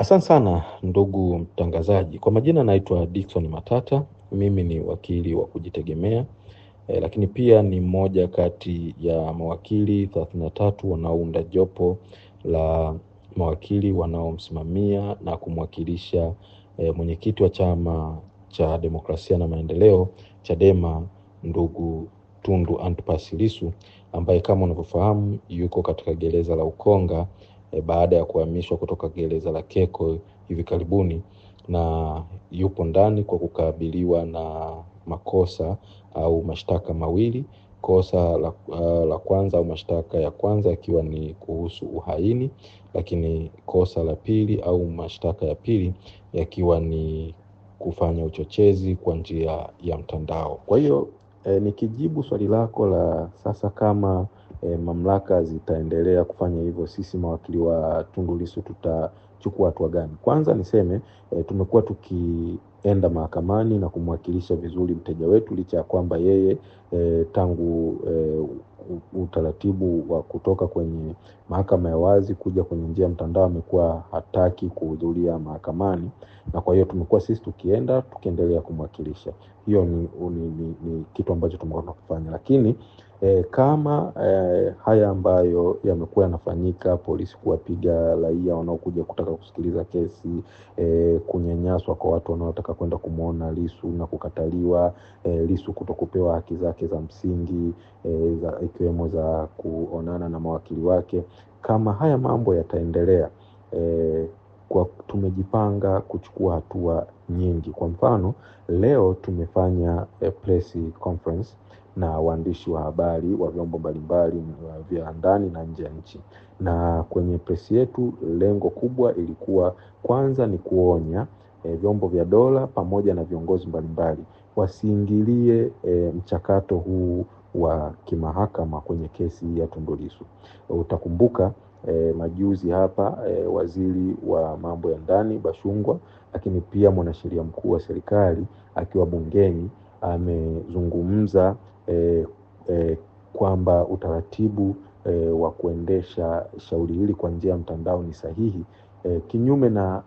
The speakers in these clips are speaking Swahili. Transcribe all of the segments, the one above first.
Asante sana ndugu mtangazaji. Kwa majina naitwa Dickson Matata, mimi ni wakili wa kujitegemea e, lakini pia ni mmoja kati ya mawakili thelathini na tatu wanaounda jopo la mawakili wanaomsimamia na kumwakilisha e, mwenyekiti wa Chama cha Demokrasia na Maendeleo Chadema, ndugu Tundu Antipas Lissu ambaye kama unavyofahamu yuko katika gereza la Ukonga e, baada ya kuhamishwa kutoka gereza la Keko hivi karibuni, na yupo ndani kwa kukabiliwa na makosa au mashtaka mawili. Kosa la, uh, la kwanza au mashtaka ya kwanza yakiwa ni kuhusu uhaini, lakini kosa la pili au mashtaka ya pili yakiwa ni kufanya uchochezi kwa njia ya mtandao. Kwa hiyo eh, nikijibu swali lako la sasa kama e, mamlaka zitaendelea kufanya hivyo, sisi mawakili wa Tundu tutachukua hatua gani? Kwanza niseme e, tumekuwa tukienda mahakamani na kumwakilisha vizuri mteja wetu licha ya kwamba yeye e, tangu e, utaratibu wa kutoka kwenye mahakama ya wazi kuja kwenye njia ya mtandao amekuwa hataki kuhudhuria mahakamani, na kwa hiyo tumekuwa sisi tukienda tukiendelea kumwakilisha. Hiyo ni, ni, ni, ni kitu ambacho tumekuwa tunakifanya, lakini E, kama e, haya ambayo yamekuwa yanafanyika, polisi kuwapiga raia wanaokuja kutaka kusikiliza kesi e, kunyanyaswa kwa watu wanaotaka kwenda kumwona lisu na kukataliwa e, lisu kutokupewa haki zake za msingi e, za, ikiwemo za kuonana na mawakili wake. Kama haya mambo yataendelea e, kwa tumejipanga kuchukua hatua nyingi. Kwa mfano leo tumefanya e, press conference na waandishi wa habari wa vyombo mbalimbali vya ndani na nje ya nchi. Na kwenye presi yetu lengo kubwa ilikuwa kwanza ni kuonya e, vyombo vya dola pamoja na viongozi mbalimbali wasiingilie e, mchakato huu wa kimahakama kwenye kesi ya tundulisu Utakumbuka e, majuzi hapa e, waziri wa mambo ya ndani Bashungwa, lakini pia mwanasheria mkuu wa serikali akiwa bungeni amezungumza eh, eh, kwamba utaratibu eh, wa kuendesha shauri hili kwa njia ya mtandao ni sahihi eh, kinyume na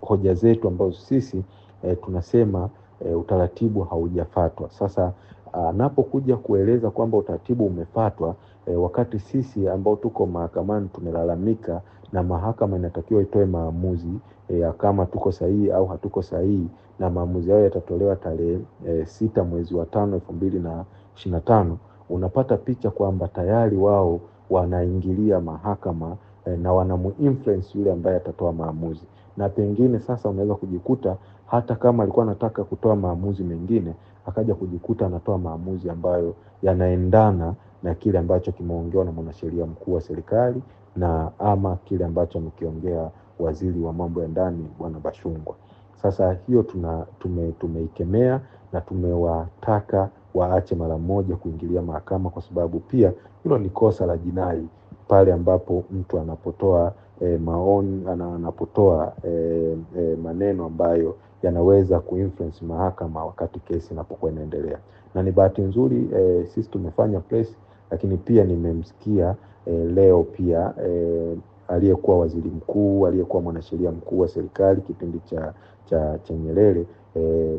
hoja zetu ambazo sisi eh, tunasema eh, utaratibu haujafatwa. Sasa anapokuja kueleza kwamba utaratibu umefatwa e, wakati sisi ambao tuko mahakamani tumelalamika na mahakama inatakiwa itoe maamuzi eh, ya kama tuko sahihi au hatuko sahihi, na maamuzi hayo yatatolewa tarehe eh, sita mwezi wa tano elfu mbili na ishirini na tano unapata picha kwamba tayari wao wanaingilia mahakama eh, na wanamuinfluence yule ambaye atatoa maamuzi, na pengine sasa unaweza kujikuta hata kama alikuwa anataka kutoa maamuzi mengine akaja kujikuta anatoa maamuzi ambayo yanaendana na kile ambacho kimeongewa na mwanasheria mkuu wa serikali na ama kile ambacho amekiongea waziri wa mambo ya ndani Bwana Bashungwa. Sasa hiyo tuna, tume, tumeikemea na tumewataka waache mara moja kuingilia mahakama, kwa sababu pia hilo ni kosa la jinai pale ambapo mtu anapotoa e, maoni anapotoa e, e, maneno ambayo yanaweza kuinfluence mahakama wakati kesi inapokuwa inaendelea. Na ni bahati nzuri e, sisi tumefanya press, lakini pia nimemsikia e, leo pia e, aliyekuwa waziri mkuu, aliyekuwa mwanasheria mkuu wa serikali kipindi cha cha, cha Nyerere e,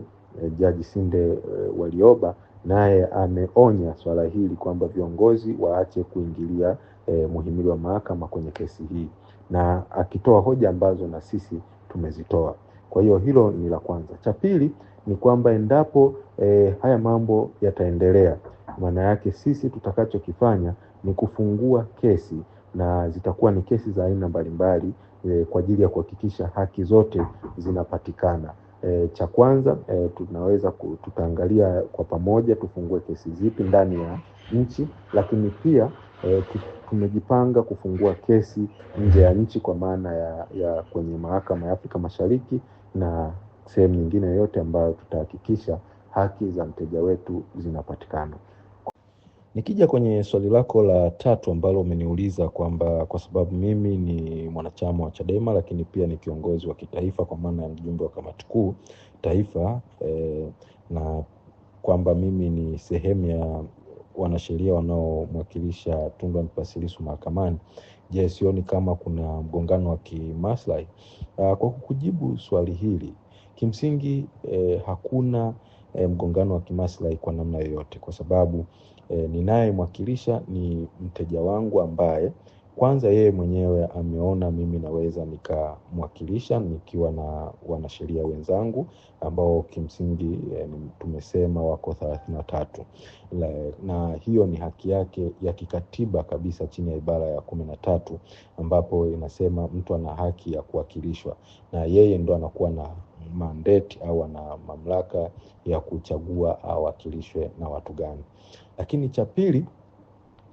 Jaji Sinde e, eh, Walioba naye ameonya swala hili kwamba viongozi waache kuingilia e, muhimili wa mahakama kwenye kesi hii, na akitoa hoja ambazo na sisi tumezitoa. Kwa hiyo hilo ni la kwanza. Cha pili ni kwamba endapo e, haya mambo yataendelea, maana yake sisi tutakachokifanya ni kufungua kesi na zitakuwa ni kesi za aina mbalimbali e, kwa ajili ya kuhakikisha haki zote zinapatikana. E, cha kwanza e, tunaweza tutaangalia kwa pamoja tufungue kesi zipi ndani ya nchi, lakini pia e, tumejipanga kufungua kesi nje ya nchi kwa maana ya, ya kwenye mahakama ya Afrika Mashariki na sehemu nyingine yoyote ambayo tutahakikisha haki za mteja wetu zinapatikana. Nikija kwenye swali lako la tatu ambalo umeniuliza kwamba kwa sababu mimi ni mwanachama wa Chadema lakini pia ni kiongozi wa kitaifa kwa maana ya mjumbe wa kamati kuu taifa eh, na kwamba mimi ni sehemu ya wanasheria wanaomwakilisha Tundu Antipas mahakamani. Je, sioni kama kuna mgongano wa kimaslahi? Ah, kwa kukujibu swali hili kimsingi, eh, hakuna e, mgongano wa kimaslahi kwa namna yoyote, kwa sababu e, ninayemwakilisha ni mteja wangu ambaye kwanza yeye mwenyewe ameona mimi naweza nikamwakilisha nikiwa na wanasheria wenzangu ambao kimsingi e, tumesema wako thelathini na tatu, na hiyo ni haki yake ya kikatiba kabisa chini ya ibara ya kumi na tatu ambapo inasema mtu ana haki ya kuwakilishwa na yeye ndo anakuwa na mandate au ana mamlaka ya kuchagua awakilishwe na watu gani. Lakini cha pili,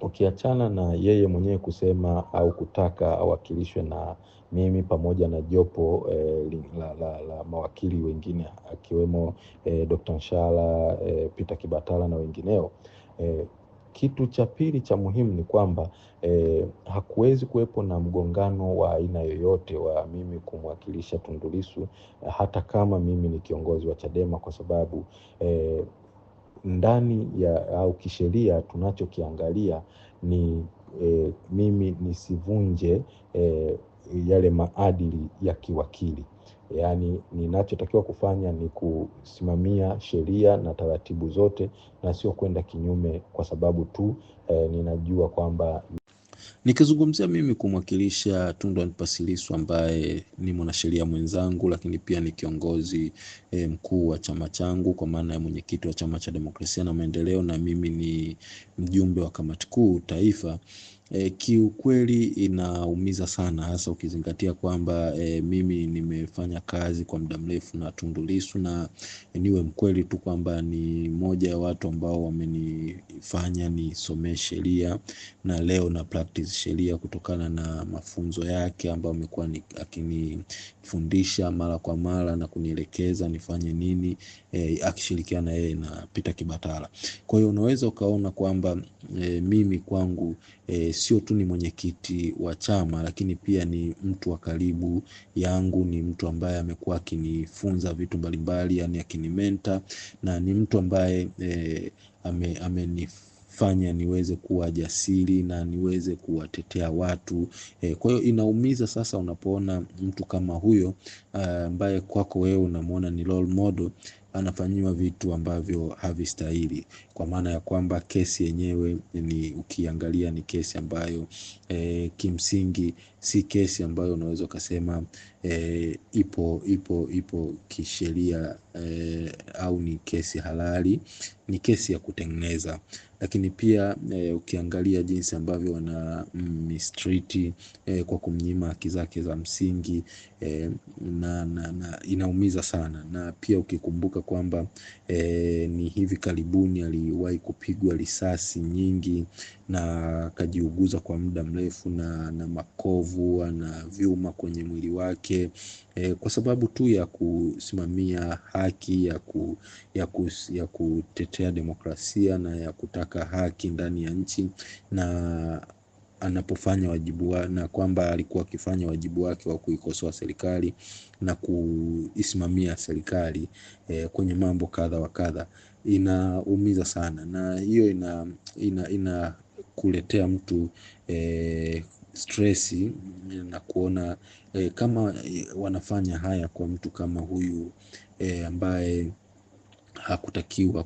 ukiachana na yeye mwenyewe kusema au kutaka awakilishwe na mimi pamoja na jopo eh, la, la, la mawakili wengine akiwemo eh, Dr. Nshala eh, Peter Kibatala na wengineo eh, kitu cha pili cha muhimu ni kwamba eh, hakuwezi kuwepo na mgongano wa aina yoyote wa mimi kumwakilisha Tundu Lissu eh, hata kama mimi ni kiongozi wa Chadema kwa sababu eh, ndani ya au kisheria tunachokiangalia ni eh, mimi nisivunje eh, yale maadili ya kiwakili yaani ninachotakiwa kufanya ni kusimamia sheria na taratibu zote na sio kwenda kinyume kwa sababu tu eh, ninajua kwamba nikizungumzia mimi kumwakilisha Tundu ambaye ni mwanasheria mwenzangu, lakini pia ni kiongozi e, mkuu wa chama changu kwa maana ya mwenyekiti wa Chama cha Demokrasia na Maendeleo, na mimi ni mjumbe wa kamati kuu taifa e, kiukweli inaumiza sana, hasa ukizingatia kwamba e, mimi nimefanya kazi kwa muda mrefu na Tundu Lissu, na niwe mkweli tu kwamba ni moja ya watu ambao wamenifanya nisomee sheria na leo na practice sheria kutokana na mafunzo yake ambayo amekuwa akinifundisha mara kwa mara na kunielekeza nifanye nini e, akishirikiana yeye na Peter Kibatala. Kwa hiyo unaweza ukaona kwamba e, mimi kwangu e, sio tu ni mwenyekiti wa chama, lakini pia ni mtu wa karibu yangu, ni mtu ambaye amekuwa akinifunza vitu mbalimbali, yani akinimenta, na ni mtu ambaye e, amenifanya ame niweze kuwa jasiri na niweze kuwatetea watu e. Kwa hiyo inaumiza sasa unapoona mtu kama huyo eh, ambaye kwako wewe unamwona ni role model anafanyiwa vitu ambavyo havistahili, kwa maana ya kwamba kesi yenyewe ni ukiangalia ni kesi ambayo e, kimsingi si kesi ambayo unaweza ukasema e, ipo ipo ipo kisheria e, au ni kesi halali, ni kesi ya kutengeneza. Lakini pia e, ukiangalia jinsi ambavyo wana mm, mistreat e, kwa kumnyima haki zake za msingi e, na, na, na inaumiza sana, na pia ukikumbuka kwamba e, ni hivi karibuni aliwahi kupigwa risasi nyingi na akajiuguza kwa muda mrefu na, na makovu na vyuma kwenye mwili wake wake e, eh, kwa sababu tu ya kusimamia haki ya, ku, ya, ku, ya kutetea demokrasia na ya kutaka haki ndani ya nchi na anapofanya wajibu wa, na kwamba alikuwa akifanya wajibu wake wa kuikosoa serikali na kuisimamia serikali e, kwenye mambo kadha wa kadha, inaumiza sana, na hiyo ina, ina, ina kuletea mtu e, stress na kuona eh, kama eh, wanafanya haya kwa mtu kama huyu eh, ambaye hakutakiwa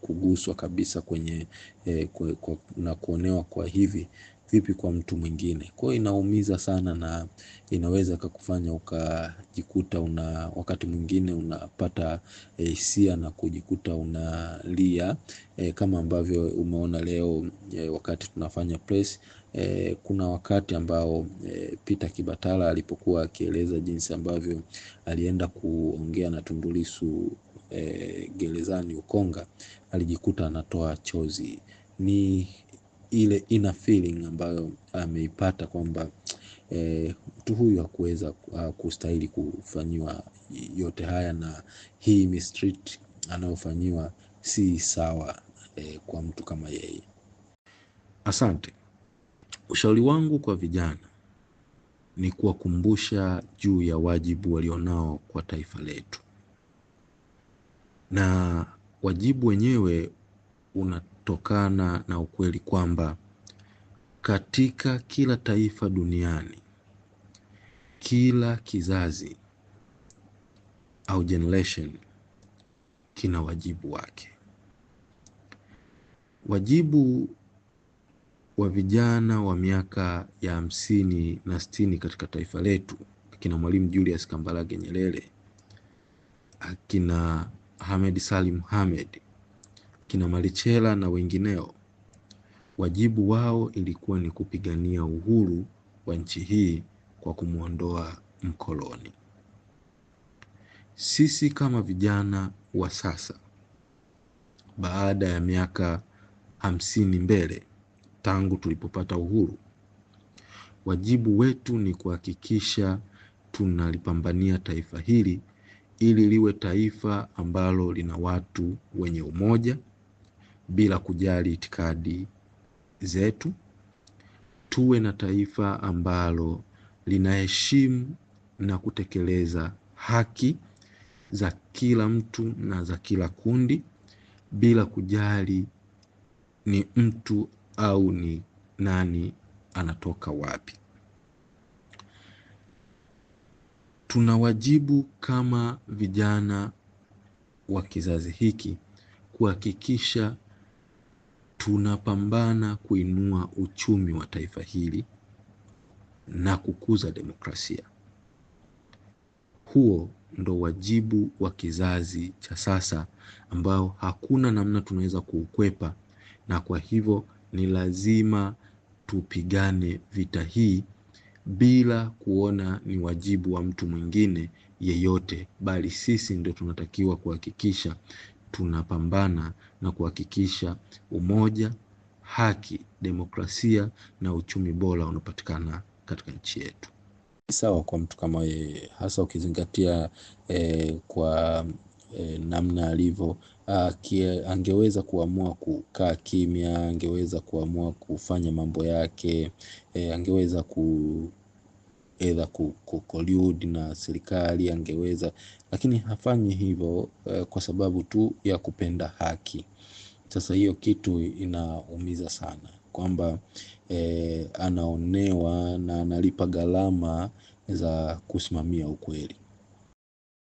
kuguswa kabisa kwenye eh, kwa, kwa, na kuonewa kwa hivi vipi kwa mtu mwingine. Kwa inaumiza sana, na inaweza kakufanya ukajikuta una wakati mwingine unapata eh, hisia e, na kujikuta unalia e, kama ambavyo umeona leo e, wakati tunafanya press e, kuna wakati ambao e, Peter Kibatala alipokuwa akieleza jinsi ambavyo alienda kuongea na Tundu Lissu e, gerezani Ukonga, alijikuta anatoa chozi. Ni ile ina feeling ambayo ameipata kwamba e, mtu huyu hakuweza kustahili kufanyiwa yote haya, na hii mistreat anayofanyiwa si sawa e, kwa mtu kama yeye. Asante. Ushauri wangu kwa vijana ni kuwakumbusha juu ya wajibu walionao kwa taifa letu, na wajibu wenyewe unatokana na ukweli kwamba katika kila taifa duniani, kila kizazi au generation kina wajibu wake. Wajibu wa vijana wa miaka ya hamsini na sitini katika taifa letu, akina Mwalimu Julius Kambarage Nyerere, akina Hamed Salim Hamed, akina marichela na wengineo, wajibu wao ilikuwa ni kupigania uhuru wa nchi hii kwa kumwondoa mkoloni. Sisi kama vijana wa sasa, baada ya miaka hamsini mbele tangu tulipopata uhuru. Wajibu wetu ni kuhakikisha tunalipambania taifa hili ili liwe taifa ambalo lina watu wenye umoja bila kujali itikadi zetu. Tuwe na taifa ambalo linaheshimu na kutekeleza haki za kila mtu na za kila kundi bila kujali ni mtu au ni nani anatoka wapi. Tuna wajibu kama vijana wa kizazi hiki kuhakikisha tunapambana kuinua uchumi wa taifa hili na kukuza demokrasia. Huo ndo wajibu wa kizazi cha sasa ambao hakuna namna tunaweza kuukwepa, na kwa hivyo ni lazima tupigane vita hii bila kuona ni wajibu wa mtu mwingine yeyote, bali sisi ndio tunatakiwa kuhakikisha tunapambana na kuhakikisha umoja, haki, demokrasia na uchumi bora unapatikana katika nchi yetu. Sawa kwa mtu kama yeye, hasa ukizingatia eh, kwa eh, namna alivyo angeweza kuamua kukaa kimya, angeweza kuamua kufanya mambo yake, e, angeweza ku edha kukoludi na serikali angeweza, lakini hafanyi hivyo e, kwa sababu tu ya kupenda haki. Sasa hiyo kitu inaumiza sana kwamba e, anaonewa na analipa gharama za kusimamia ukweli.